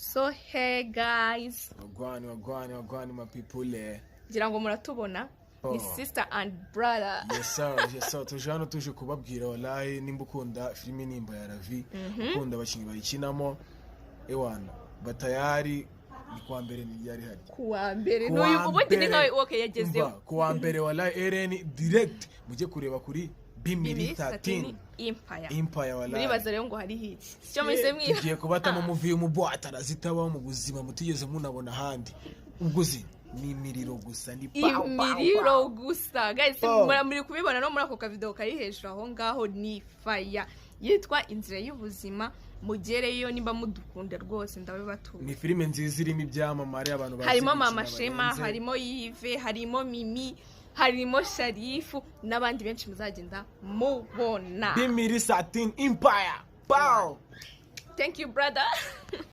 so hey guys wagwani wagwani wagwani my eh? ngira ngo muratubona ni oh. sister and brother yes sir yes tuje hano tuje kubabwira wallahi nimba ukunda filime nimba ya ravi mhm. ukunda abakinnyi bayikinamo ewana batayari ni kuwa mbere yari hari kuwa mbere n'uyu ubundi ni nkawe woke kuwa mbere wallahi ereni direct mujye kureba kuri 2013 Empire Empire wala Muribaza rero ngo hariho iki cyo mwese mwiba Tugiye kubatamo muvi mu bwatara zitabaho mu buzima mutigeze munabona handi ubwo zini ni imiriro gusa ni imiriro gusa guys oh. muri kubibona no muri ako kavido kari hejuru aho ngaho ni faya yitwa inzira y'ubuzima mugereyo nimba mudukunda rwose ndabibatuye ni filime nziza irimo ibyamamare abantu harimo mama shema harimo yive harimo mimi harimo sharifu n'abandi benshi muzagenda mubona bimiri impaya pawu thank you brother